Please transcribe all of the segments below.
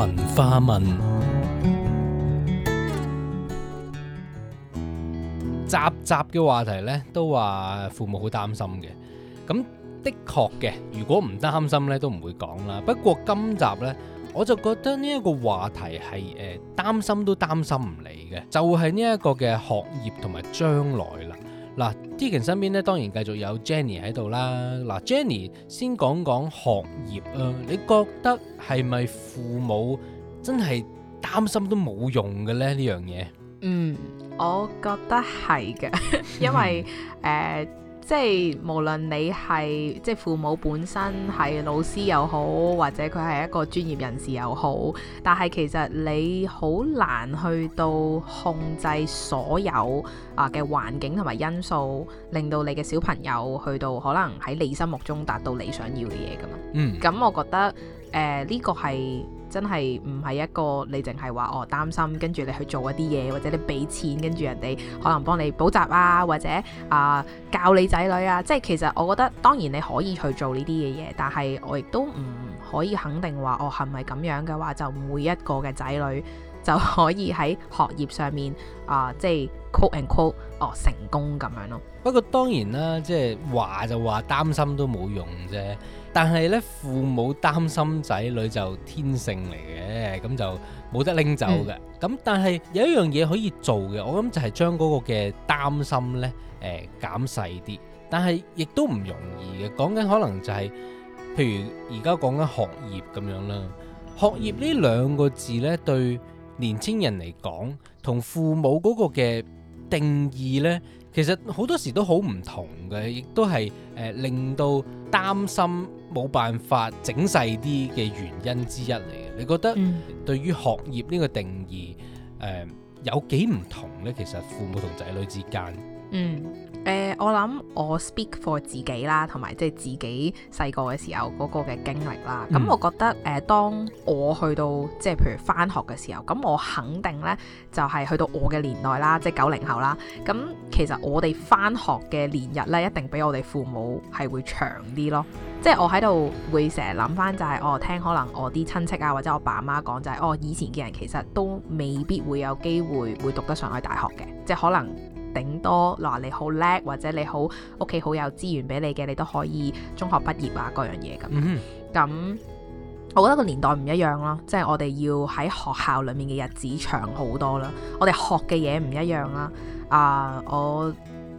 文化問，集集嘅話題呢都話父母好擔心嘅，咁的確嘅，如果唔擔心呢，都唔會講啦。不過今集呢，我就覺得呢一個話題係誒、呃、擔心都擔心唔嚟嘅，就係呢一個嘅學業同埋將來啦嗱。Deakin 身邊咧當然繼續有 Jenny 喺度啦。嗱，Jenny 先講講學業啊，嗯、你覺得係咪父母真係擔心都冇用嘅咧呢樣嘢？這個、嗯，我覺得係嘅， 因為誒。 呃即係無論你係即係父母本身係老師又好，或者佢係一個專業人士又好，但係其實你好難去到控制所有啊嘅、呃、環境同埋因素，令到你嘅小朋友去到可能喺你心目中達到你想要嘅嘢㗎嘛。嗯，咁我覺得誒呢、呃呢個係。真係唔係一個你淨係話我擔心，跟住你去做一啲嘢，或者你俾錢跟住人哋可能幫你補習啊，或者啊、呃、教你仔女啊。即係其實我覺得當然你可以去做呢啲嘅嘢，但係我亦都唔可以肯定話我係咪咁樣嘅話，就每一個嘅仔女就可以喺學業上面啊、呃，即係。Cool and cool 哦，成功咁樣咯。不過當然啦，即係話就話擔心都冇用啫。但係呢，父母擔心仔女就天性嚟嘅，咁就冇得拎走嘅。咁、嗯、但係有一樣嘢可以做嘅，我諗就係將嗰個嘅擔心呢誒，減細啲。但係亦都唔容易嘅，講緊可能就係、是，譬如，而家講緊學業咁樣啦。學業呢兩個字呢，對年青人嚟講，同父母嗰個嘅。定義呢，其實好多時都好唔同嘅，亦都係誒、呃、令到擔心冇辦法整細啲嘅原因之一嚟嘅。你覺得對於學業呢個定義，誒、呃、有幾唔同呢？其實父母同仔女之間。嗯。誒、呃，我諗我 speak for 自己啦，同埋即係自己細個嘅時候嗰個嘅經歷啦。咁、嗯、我覺得誒、呃，當我去到即係譬如翻學嘅時候，咁我肯定呢就係、是、去到我嘅年代啦，即係九零後啦。咁其實我哋翻學嘅年日呢，一定比我哋父母係會長啲咯。即係我喺度會成日諗翻，就係我聽可能我啲親戚啊，或者我爸媽講就係、是、我、哦、以前嘅人其實都未必會有機會會讀得上去大學嘅，即係可能。頂多嗱，你好叻，或者你好屋企好有資源俾你嘅，你都可以中學畢業啊，各樣嘢咁。咁、嗯、哼我覺得個年代唔一樣咯，即、就、係、是、我哋要喺學校裏面嘅日子長好多啦。我哋學嘅嘢唔一樣啦。啊、呃，我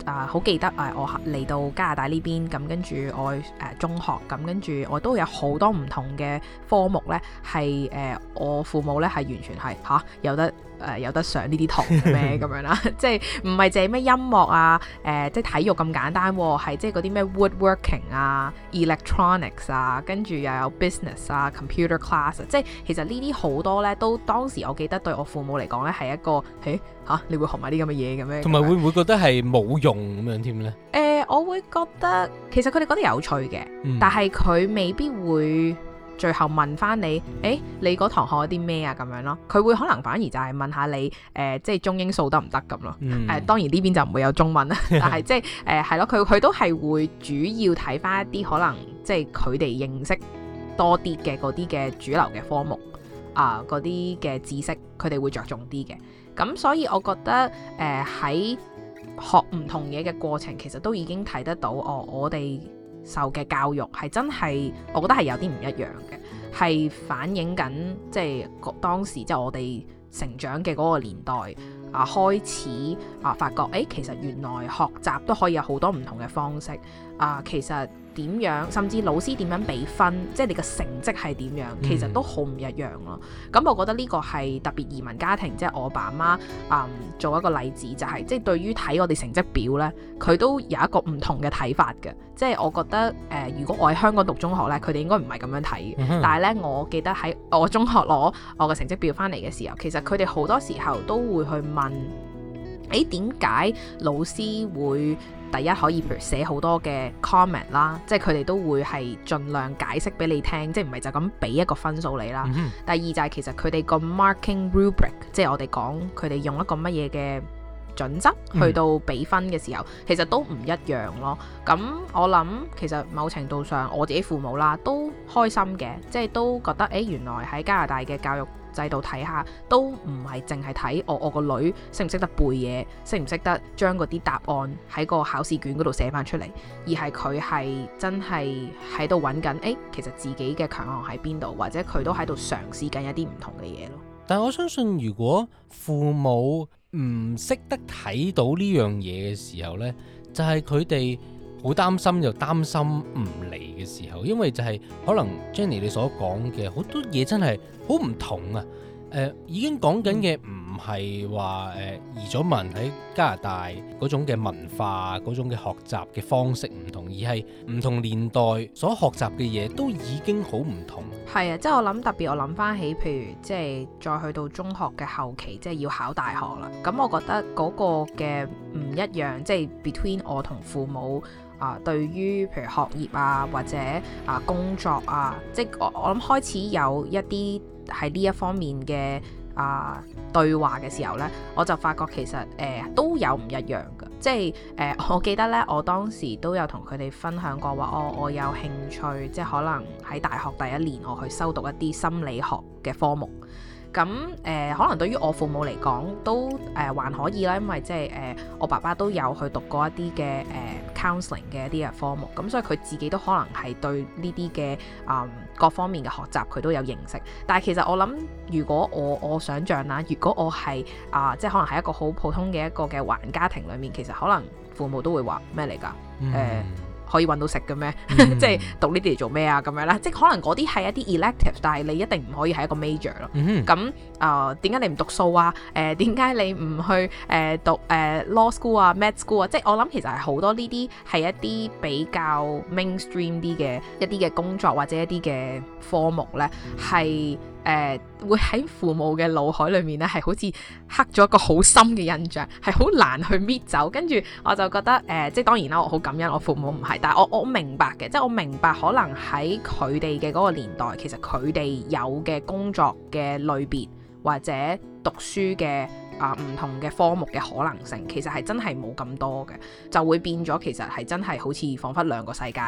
啊好、呃、記得誒，我嚟到加拿大呢邊咁，跟住我誒、呃、中學咁，跟住我都有好多唔同嘅科目呢。係誒、呃、我父母呢，係完全係嚇、啊、有得。誒、呃、有得上呢啲堂咩咁樣啦、啊？即係唔係淨係咩音樂啊？誒、呃、即係體育咁簡單、啊，係即係嗰啲咩 woodworking 啊、electronics 啊，跟住又有 business 啊、computer class，啊。即係其實呢啲好多咧，都當時我記得對我父母嚟講咧係一個誒嚇、欸啊，你會學埋啲咁嘅嘢咁樣，同埋會唔會覺得係冇用咁樣添咧？誒、呃，我會覺得其實佢哋覺得有趣嘅，嗯、但係佢未必會。最後問翻你，誒、欸，你嗰堂學咗啲咩啊？咁樣咯，佢會可能反而就係問下你，誒、呃，即係中英數得唔得咁咯？誒、嗯呃，當然呢邊就唔會有中文啦， 但係即係誒，係、呃、咯，佢佢都係會主要睇翻一啲可能即係佢哋認識多啲嘅嗰啲嘅主流嘅科目啊，嗰啲嘅知識，佢哋會着重啲嘅。咁所以我覺得誒喺、呃、學唔同嘢嘅過程，其實都已經睇得到、哦、我我哋。受嘅教育係真係，我覺得係有啲唔一樣嘅，係反映緊即係當時即係我哋成長嘅嗰個年代啊，開始啊發覺，誒、哎、其實原來學習都可以有好多唔同嘅方式啊，其實。點樣，甚至老師點樣俾分，即係你嘅成績係點樣，其實都好唔一樣咯。咁我覺得呢個係特別移民家庭，即係我爸媽，嗯，做一個例子，就係、是、即係對於睇我哋成績表呢，佢都有一個唔同嘅睇法嘅。即係我覺得，誒、呃，如果我喺香港讀中學呢，佢哋應該唔係咁樣睇。嗯、哼但係呢，我記得喺我中學攞我嘅成績表翻嚟嘅時候，其實佢哋好多時候都會去問，誒、點解老師會？第一可以，譬如寫好多嘅 comment 啦，即係佢哋都會係盡量解釋俾你聽，即係唔係就咁俾一個分數你啦。嗯、哼第二就係其實佢哋個 marking rubric，即係我哋講佢哋用一個乜嘢嘅準則去到比分嘅時候，嗯、其實都唔一樣咯。咁我諗其實某程度上我自己父母啦都開心嘅，即係都覺得誒、欸、原來喺加拿大嘅教育。制度睇下都唔係淨係睇我我個女識唔識得背嘢，識唔識得將嗰啲答案喺個考試卷嗰度寫翻出嚟，而係佢係真係喺度揾緊，誒、欸，其實自己嘅強項喺邊度，或者佢都喺度嘗試緊一啲唔同嘅嘢咯。但係我相信，如果父母唔識得睇到呢樣嘢嘅時候咧，就係佢哋。好擔心又擔心唔嚟嘅時候，因為就係可能 Jenny 你所講嘅好多嘢真係好唔同啊！誒、呃，已經講緊嘅唔係話誒移咗民喺加拿大嗰種嘅文化、嗰種嘅學習嘅方式唔同，而係唔同年代所學習嘅嘢都已經好唔同。係啊，即係我諗特別，我諗翻起譬如即係再去到中學嘅後期，即係要考大學啦。咁我覺得嗰個嘅唔一樣，即係 between 我同父母。啊，對於譬如學業啊，或者啊工作啊，即係我我諗開始有一啲喺呢一方面嘅啊對話嘅時候呢，我就發覺其實誒、呃、都有唔一樣嘅，即係誒、呃、我記得呢，我當時都有同佢哋分享過話，我、哦、我有興趣，即係可能喺大學第一年我去修讀一啲心理學嘅科目。咁誒、呃，可能對於我父母嚟講都誒、呃、還可以啦，因為即係誒、呃、我爸爸都有去讀過一啲嘅誒、呃 counseling 嘅一啲嘅科目，咁所以佢自己都可能係對呢啲嘅啊各方面嘅學習佢都有認識。但係其實我諗，如果我我想像啦，如果我係啊、呃，即係可能係一個好普通嘅一個嘅環家庭裏面，其實可能父母都會話咩嚟㗎？誒、嗯。呃可以揾到食嘅咩？ 即係讀呢啲嚟做咩啊？咁樣啦，即係可能嗰啲係一啲 elective，但係你一定唔可以係一個 major 咯。咁啊、mm，點、hmm. 解、呃、你唔讀數啊？誒、呃，點解你唔去誒、呃、讀誒、呃、law school 啊、med school 啊？即係我諗其實係好多呢啲係一啲比較 mainstream 啲嘅一啲嘅工作或者一啲嘅科目咧係。Mm hmm. 誒、呃、會喺父母嘅腦海裏面咧，係好似刻咗一個好深嘅印象，係好難去搣走。跟住我就覺得誒、呃，即係當然啦，我好感恩我父母唔係，但係我我明白嘅，即係我明白可能喺佢哋嘅嗰個年代，其實佢哋有嘅工作嘅類別或者讀書嘅。啊！唔同嘅科目嘅可能性，其實係真係冇咁多嘅，就會變咗。其實係真係好似彷彿兩個世界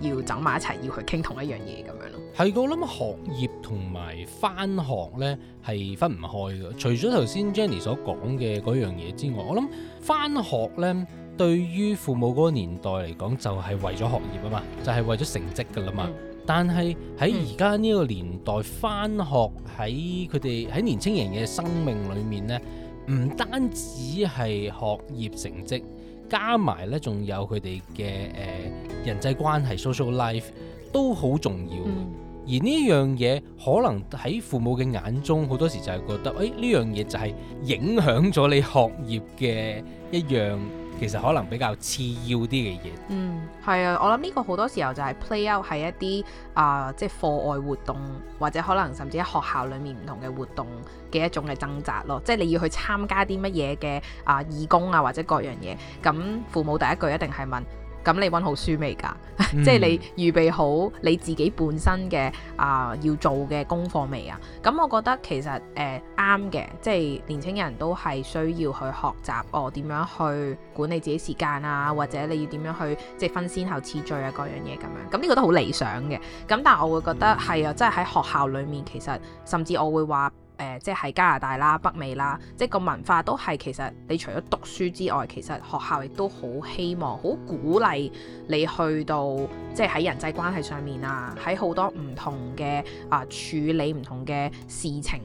要走埋一齊，要去傾同一樣嘢咁樣咯。係我諗學業同埋翻學呢係分唔開嘅。除咗頭先 Jenny 所講嘅嗰樣嘢之外，我諗翻學呢對於父母嗰個年代嚟講，就係、是、為咗學業啊嘛，就係、是、為咗成績噶啦嘛。嗯、但係喺而家呢個年代，翻學喺佢哋喺年青人嘅生命裡面呢。唔單止係學業成績，加埋咧，仲有佢哋嘅誒人際關係 （social life） 都好重要。嗯、而呢樣嘢可能喺父母嘅眼中，好多時就係覺得，誒呢樣嘢就係影響咗你學業嘅一樣。其實可能比較次要啲嘅嘢。嗯，係啊，我諗呢個好多時候就係 play out 喺一啲啊、呃，即係課外活動或者可能甚至喺學校裡面唔同嘅活動嘅一種嘅掙扎咯。即係你要去參加啲乜嘢嘅啊義工啊或者各樣嘢，咁父母第一句一定係問。咁你溫好書未㗎？ 即係你預備好你自己本身嘅啊、呃、要做嘅功課未啊？咁我覺得其實誒啱嘅，即係年輕人都係需要去學習哦，點樣去管理自己時間啊，或者你要點樣去即係分先後次序啊，各樣嘢咁樣。咁呢個都好理想嘅。咁但係我會覺得係啊，即係喺學校裏面，其實甚至我會話。誒、呃，即係加拿大啦、北美啦，即係個文化都係其實，你除咗讀書之外，其實學校亦都好希望、好鼓勵你去到，即係喺人際關係上面啊，喺好多唔同嘅啊、呃、處理唔同嘅事情。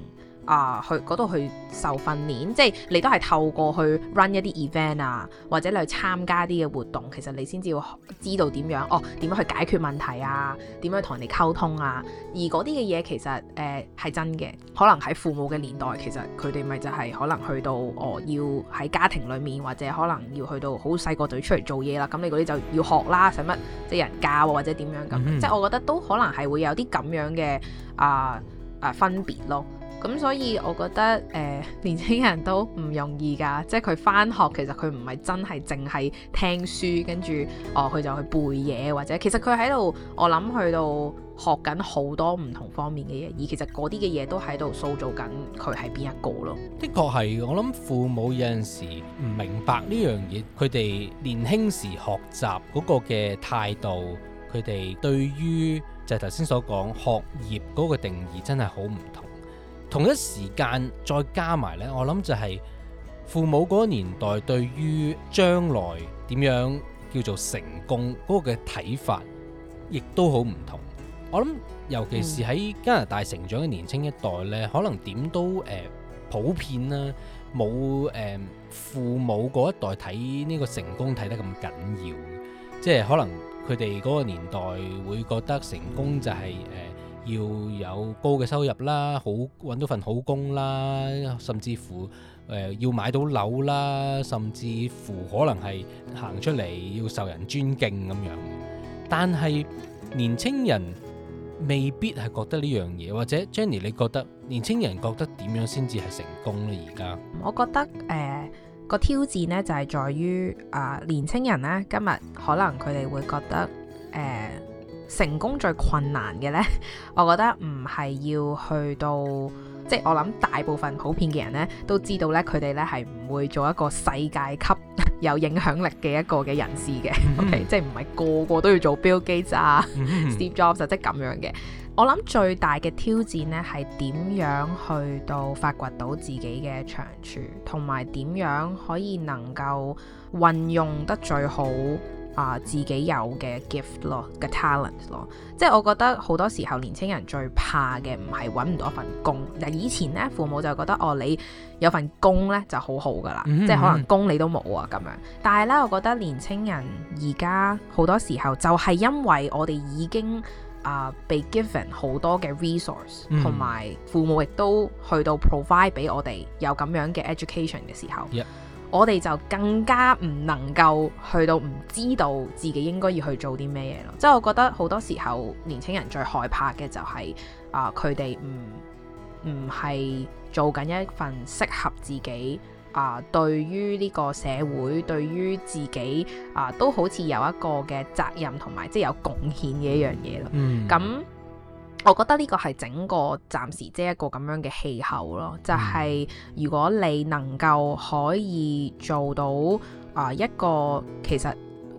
啊，去嗰度去受訓練，即係你都係透過去 run 一啲 event 啊，或者你去參加啲嘅活動，其實你先至會知道點樣哦，點樣去解決問題啊，點樣同人哋溝通啊。而嗰啲嘅嘢其實誒係、呃、真嘅，可能喺父母嘅年代，其實佢哋咪就係可能去到哦、呃，要喺家庭裡面，或者可能要去到好細個就要出嚟做嘢啦。咁你嗰啲就要學啦，使乜即係人教、啊、或者點樣咁？嗯、哼即係我覺得都可能係會有啲咁樣嘅啊啊分別咯。咁所以，我覺得誒、呃、年輕人都唔容易噶，即係佢翻學，其實佢唔係真係淨係聽書，跟住哦佢就去背嘢，或者其實佢喺度，我諗去到學緊好多唔同方面嘅嘢，而其實嗰啲嘅嘢都喺度塑造緊佢係邊一個咯。的確係，我諗父母有陣時唔明白呢樣嘢，佢哋年輕時學習嗰個嘅態度，佢哋對於就係頭先所講學業嗰個定義真係好唔同。同一時間再加埋呢，我諗就係父母嗰個年代對於將來點樣叫做成功嗰個嘅睇法，亦都好唔同。我諗尤其是喺加拿大成長嘅年青一代呢，可能點都誒、呃、普遍啦，冇誒、呃、父母嗰一代睇呢個成功睇得咁緊要，即係可能佢哋嗰個年代會覺得成功就係、是、誒。呃要有高嘅收入啦，好揾到份好工啦，甚至乎誒、呃、要買到樓啦，甚至乎可能係行出嚟要受人尊敬咁樣。但係年青人未必係覺得呢樣嘢，或者 Jenny，你覺得年青人覺得點樣先至係成功咧？而家我覺得誒、呃那個挑戰咧就係、是、在於啊、呃，年青人咧今日可能佢哋會覺得誒。呃成功最困難嘅呢，我覺得唔係要去到，即係我諗大部分普遍嘅人呢都知道呢佢哋呢係唔會做一個世界級有影響力嘅一個嘅人士嘅 ，OK，即係唔係個個都要做 Bill Gates 啊 Steve Jobs、啊、即係咁樣嘅。我諗最大嘅挑戰呢係點樣去到發掘到自己嘅長處，同埋點樣可以能夠運用得最好。啊，uh, 自己有嘅 gift 咯，嘅 talent 咯，即係我覺得好多時候年青人最怕嘅唔係揾唔到一份工。嗱，以前呢，父母就覺得哦，你有份工呢就好好噶啦，mm hmm. 即係可能工你都冇啊咁樣。但係呢，我覺得年青人而家好多時候就係因為我哋已經啊、uh, 被 given 好多嘅 resource，同埋、mm hmm. 父母亦都去到 provide 俾我哋有咁樣嘅 education 嘅時候。Yep. 我哋就更加唔能夠去到唔知道自己應該要去做啲咩嘢咯，即係我覺得好多時候年輕人最害怕嘅就係啊，佢哋唔唔係做緊一份適合自己啊、呃、對於呢個社會對於自己啊、呃、都好似有一個嘅責任同埋即係有貢獻嘅一樣嘢咯，嗯、咁。我覺得呢個係整個暫時即係一個咁樣嘅氣候咯，就係如果你能夠可以做到啊、呃、一個其實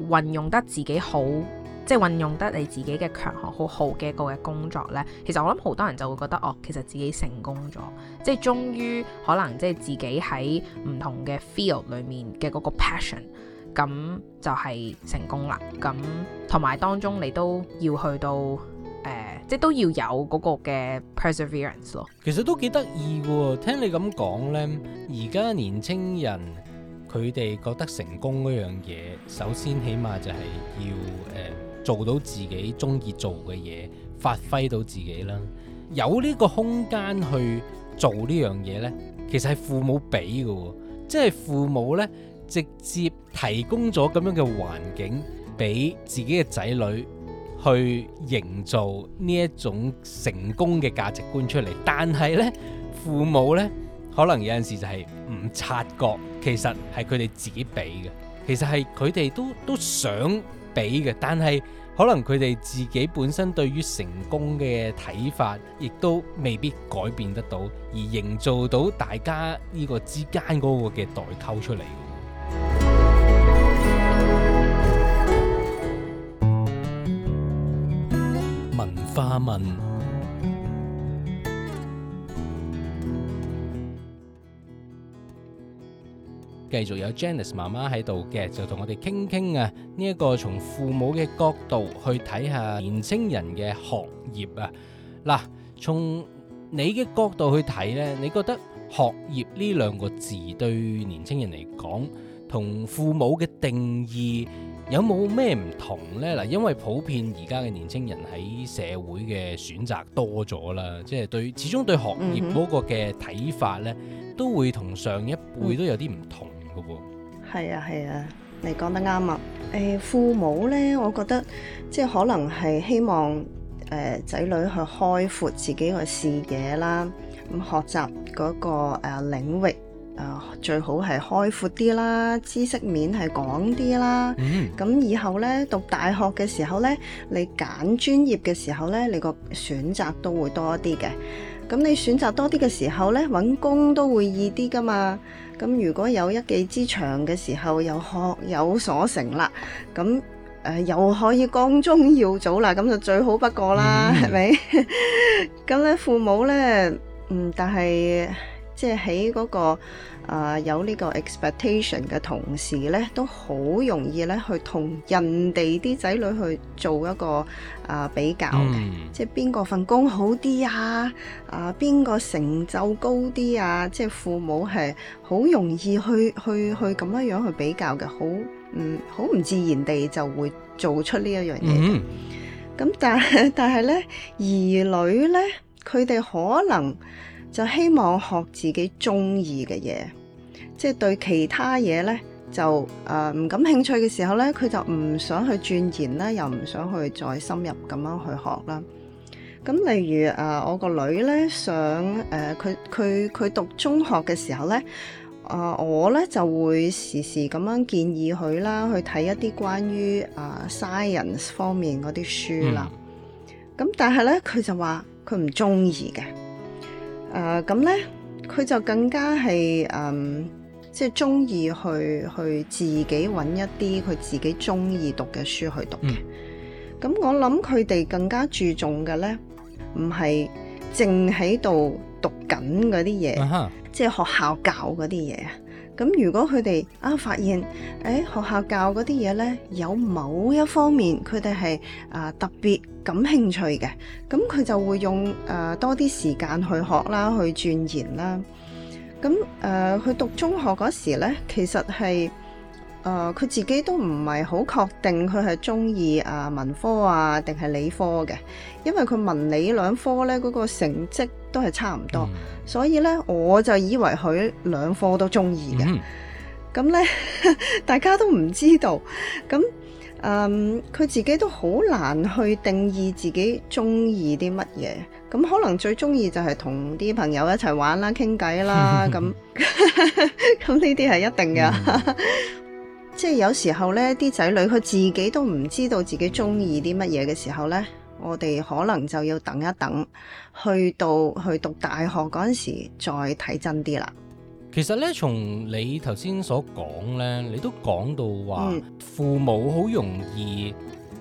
運用得自己好，即係運用得你自己嘅強項好好嘅一個嘅工作呢，其實我諗好多人就會覺得哦，其實自己成功咗，即係終於可能即係自己喺唔同嘅 field 裡面嘅嗰個 passion，咁就係成功啦。咁同埋當中你都要去到。誒、呃，即都要有嗰個嘅 perseverance 咯。其實都幾得意噶，聽你咁講呢，而家年青人佢哋覺得成功嗰樣嘢，首先起碼就係要、呃、做到自己中意做嘅嘢，發揮到自己啦。有呢個空間去做呢樣嘢呢，其實係父母俾噶，即係父母呢，直接提供咗咁樣嘅環境俾自己嘅仔女。去營造呢一種成功嘅價值觀出嚟，但係咧，父母咧可能有陣時就係唔察覺，其實，係佢哋自己俾嘅，其實，係佢哋都都想俾嘅，但係可能佢哋自己本身對於成功嘅睇法，亦都未必改變得到，而營造到大家呢個之間嗰個嘅代溝出嚟。文化問，繼續有 Janice 媽媽喺度嘅，就同我哋傾傾啊。呢、這、一個從父母嘅角度去睇下年青人嘅學業啊。嗱、啊，從你嘅角度去睇呢，你覺得學業呢兩個字對年青人嚟講，同父母嘅定義，有冇咩唔同呢？嗱，因為普遍而家嘅年青人喺社會嘅選擇多咗啦，即係對始終對學業嗰個嘅睇法呢，嗯、哼都會同上一輩都有啲唔同㗎喎。係啊，係啊，你講得啱啊！誒，父母呢，我覺得即係可能係希望誒仔、呃、女去開闊自己個視野啦，咁學習嗰個誒領域。誒，uh, 最好係開闊啲啦，知識面係廣啲啦。咁、mm hmm. 以後咧讀大學嘅時候咧，你揀專業嘅時候咧，你個選擇都會多啲嘅。咁你選擇多啲嘅時候咧，搵工都會易啲噶嘛。咁如果有一技之長嘅時候，又學有所成啦，咁誒、呃、又可以光宗耀祖啦，咁就最好不過啦，係咪、mm？咁、hmm. 咧是吧， 父母咧，嗯，但係。即係喺嗰個啊有呢個 expectation 嘅同時咧，都好容易咧去同人哋啲仔女去做一個啊比較嘅，即係邊個份工好啲啊？啊邊個成就高啲啊？即係父母係好容易去去去咁樣樣去比較嘅，好、嗯、好唔自然地就會做出呢一樣嘢。咁但係但係咧，兒女咧佢哋可能。就希望學自己中意嘅嘢，即係對其他嘢咧就誒唔感興趣嘅時候咧，佢就唔想去鑽研啦，又唔想去再深入咁樣去學啦。咁、嗯、例如誒、呃，我個女咧想誒，佢佢佢讀中學嘅時候咧，啊、呃、我咧就會時時咁樣建議佢啦，去睇一啲關於啊、呃、science 方面嗰啲書啦。咁、嗯嗯、但係咧，佢就話佢唔中意嘅。誒，咁咧佢就更加係誒、嗯，即係中意去去自己搵一啲佢自己中意讀嘅書去讀嘅。咁、嗯、我諗佢哋更加注重嘅咧，唔係淨喺度讀緊嗰啲嘢，uh huh. 即係學校教嗰啲嘢咁如果佢哋啊發現，誒、哎、學校教嗰啲嘢咧，有某一方面佢哋係啊特別感興趣嘅，咁佢就會用誒、呃、多啲時間去學啦，去鑽研啦。咁誒，佢、呃、讀中學嗰時咧，其實係誒佢自己都唔係好確定佢係中意啊文科啊定係理科嘅，因為佢文理兩科咧嗰、嗰個成績，都係差唔多，嗯、所以咧我就以為佢兩科都中意嘅。咁咧、嗯、大家都唔知道，咁嗯佢自己都好難去定義自己中意啲乜嘢。咁可能最中意就係同啲朋友一齊玩啦、傾偈啦，咁咁呢啲係一定嘅。嗯、 即係有時候咧，啲仔女佢自己都唔知道自己中意啲乜嘢嘅時候咧。我哋可能就要等一等，去到去讀大學嗰陣時再睇真啲啦。其實咧，從你頭先所講咧，你都講到話父母好容易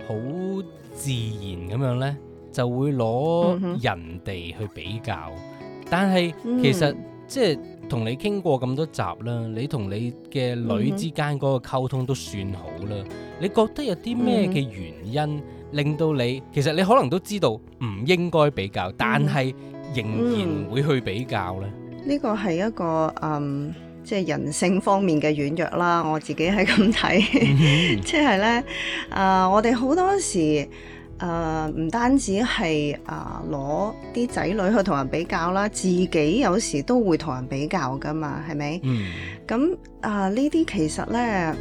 好，嗯、自然咁樣咧，就會攞人哋去比較。嗯嗯、但係其實即係同你傾過咁多集啦，你同你嘅女之間嗰個溝通都算好啦。你覺得有啲咩嘅原因，嗯？嗯令到你其實你可能都知道唔應該比較，但係仍然會去比較咧。呢個係一個嗯，即係人性方面嘅軟弱啦。我自己係咁睇，即係咧啊！我哋好多時誒唔單止係啊攞啲仔女去同人比較啦，自己有時都會同人比較㗎嘛，係咪？嗯，咁啊呢啲其實咧，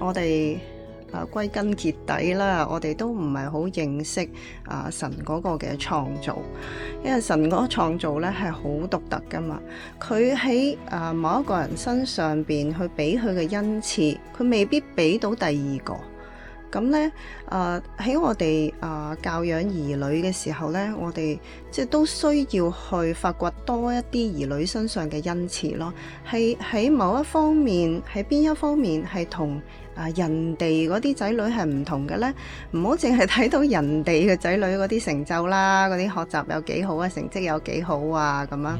我哋。啊，歸根結底我哋都唔係好認識啊神嗰個嘅創造，因為神嗰個創造咧係好獨特㗎嘛，佢喺某一個人身上邊去俾佢嘅恩賜，佢未必俾到第二個。咁咧，啊喺、呃、我哋啊、呃、教養兒女嘅時候咧，我哋即係都需要去發掘多一啲兒女身上嘅恩賜咯。係喺某一方面，喺邊一方面係同啊人哋嗰啲仔女係唔同嘅咧？唔好淨係睇到人哋嘅仔女嗰啲成就啦，嗰啲學習有幾好啊，成績有幾好啊咁樣，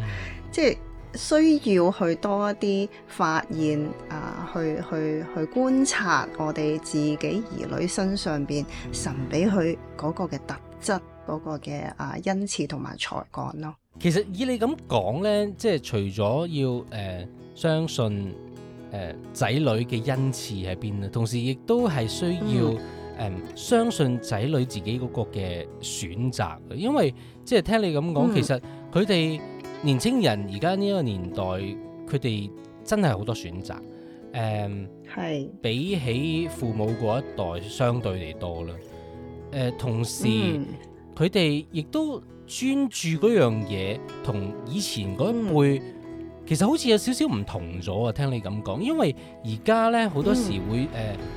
即係。需要去多一啲發現啊、呃，去去去觀察我哋自己兒女身上邊神俾佢嗰個嘅特質，嗰、嗯、個嘅啊恩賜同埋才幹咯。其實以你咁講呢，即係除咗要誒、呃、相信誒仔、呃、女嘅恩賜喺邊啦，同時亦都係需要誒、嗯嗯、相信仔女自己嗰個嘅選擇，因為即係聽你咁講，嗯、其實佢哋。年青人而家呢一個年代，佢哋真係好多選擇，誒、嗯，係是比起父母嗰一代相對嚟多啦。誒、呃，同時佢哋亦都專注嗰樣嘢，同以前嗰一輩、嗯、其實好似有少少唔同咗啊。聽你咁講，因為而家呢，好多時會誒、嗯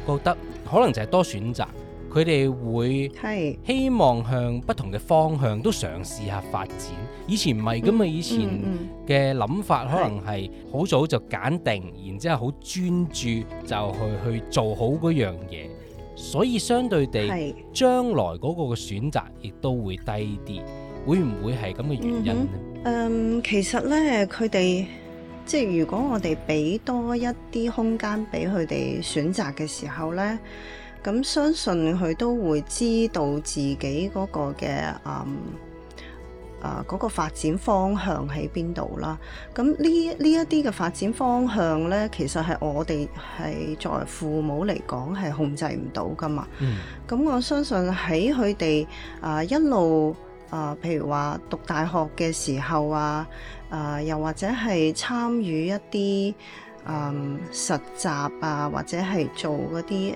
呃、覺得可能就係多選擇。佢哋會希望向不同嘅方向都嘗試下發展。以前唔係咁啊，嗯、以前嘅諗法可能係好早就揀定，的然之後好專注就去去做好嗰樣嘢。所以相對地，將的來嗰個嘅選擇亦都會低啲。會唔會係咁嘅原因呢？嗯、呃，其實呢，佢哋即係如果我哋俾多一啲空間俾佢哋選擇嘅時候呢。咁相信佢都會知道自己嗰個嘅誒誒嗰個發展方向喺邊度啦。咁呢呢一啲嘅發展方向咧，其實係我哋係作為父母嚟講係控制唔到噶嘛。咁、嗯、我相信喺佢哋啊一路啊、呃，譬如話讀大學嘅時候啊，啊、呃、又或者係參與一啲。誒、嗯、實習啊，或者係做嗰啲誒誒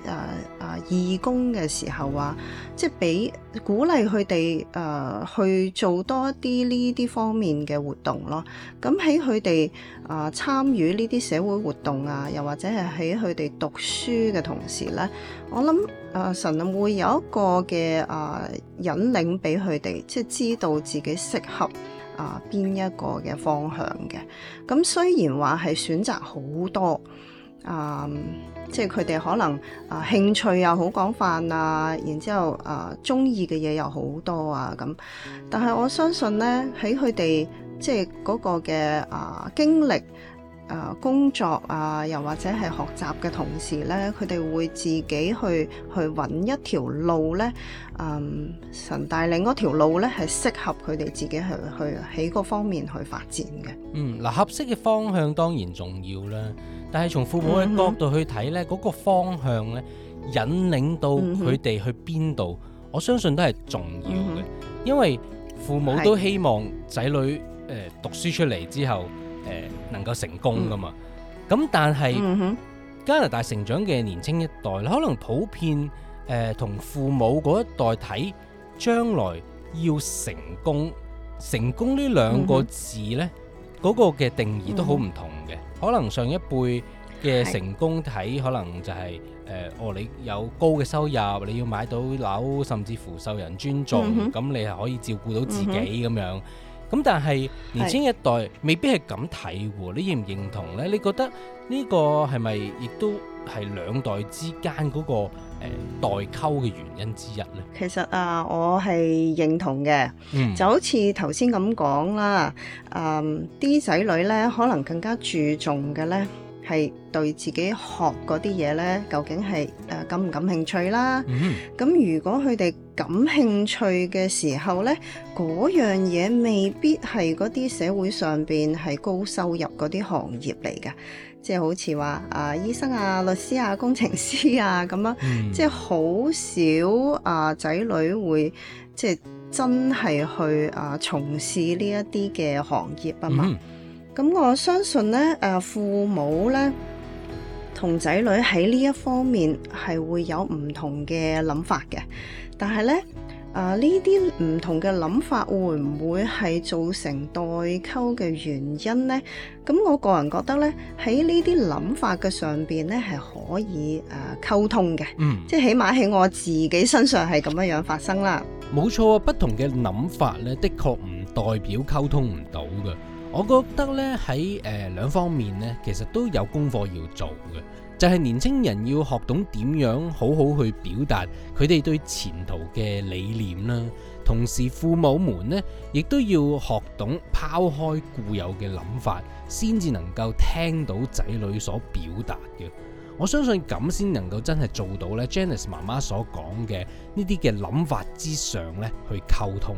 義工嘅時候啊，即係俾鼓勵佢哋誒去做多一啲呢啲方面嘅活動咯。咁喺佢哋誒參與呢啲社會活動啊，又或者係喺佢哋讀書嘅同時咧，我諗誒、啊、神會有一個嘅誒、啊、引領俾佢哋，即係知道自己適合。啊，邊一個嘅方向嘅？咁雖然話係選擇好多，啊，即係佢哋可能啊興趣又好廣泛啊，然之後啊中意嘅嘢又好多啊咁，但係我相信咧，喺佢哋即係嗰個嘅啊經歷。啊，工作啊，又或者係學習嘅同時呢，佢哋會自己去去揾一條路呢。嗯，神帶領嗰條路呢，係適合佢哋自己去去喺嗰方面去發展嘅。嗯，嗱，合適嘅方向當然重要啦。但係從父母嘅角度去睇呢，嗰個方向呢，引領到佢哋去邊度，我相信都係重要嘅。因為父母都希望仔女誒讀書出嚟之後。能夠成功噶嘛？咁但係、嗯、哼加拿大成長嘅年青一代，可能普遍誒同、呃、父母嗰一代睇將來要成功，成功呢兩個字呢，嗰、嗯、哼個嘅定義都好唔同嘅。嗯、哼可能上一輩嘅成功睇，可能就係、是、誒、呃，哦你有高嘅收入，你要買到樓，甚至乎受人尊重，咁、嗯、哼你係可以照顧到自己咁、嗯、哼樣。咁但係年輕一代未必係咁睇喎，係你認唔認同呢？你覺得呢個係咪亦都係兩代之間嗰個、誒、代溝嘅原因之一呢？其實啊，我係認同嘅，嗯、就好似頭先咁講啦，誒啲仔女呢可能更加注重嘅呢係，對自己學嗰啲嘢咧，究竟係誒、呃、感唔感興趣啦？咁、mm hmm. 如果佢哋感興趣嘅時候咧，嗰樣嘢未必係嗰啲社會上邊係高收入嗰啲行業嚟嘅，即係好似話啊醫生啊、律師啊、工程師啊咁樣，mm hmm. 即係好少啊仔女會即係真係去啊從事呢一啲嘅行業啊嘛。咁、mm hmm. 我相信咧，誒、啊、父母咧。同仔女喺呢一方面係會有唔同嘅諗法嘅，但係呢，啊呢啲唔同嘅諗法會唔會係造成代溝嘅原因呢？咁我個人覺得呢，喺呢啲諗法嘅上邊呢，係可以啊、呃、溝通嘅，嗯、即係起碼喺我自己身上係咁樣樣發生啦。冇錯，不同嘅諗法呢，的確唔代表溝通唔到嘅。我覺得咧，喺誒兩方面咧，其實都有功課要做嘅，就係年青人要學懂點樣好好去表達佢哋對前途嘅理念啦。同時，父母們咧亦都要學懂拋開固有嘅諗法，先至能夠聽到仔女所表達嘅。我相信咁先能夠真係做到咧，Janice 媽媽所講嘅呢啲嘅諗法之上咧去溝通。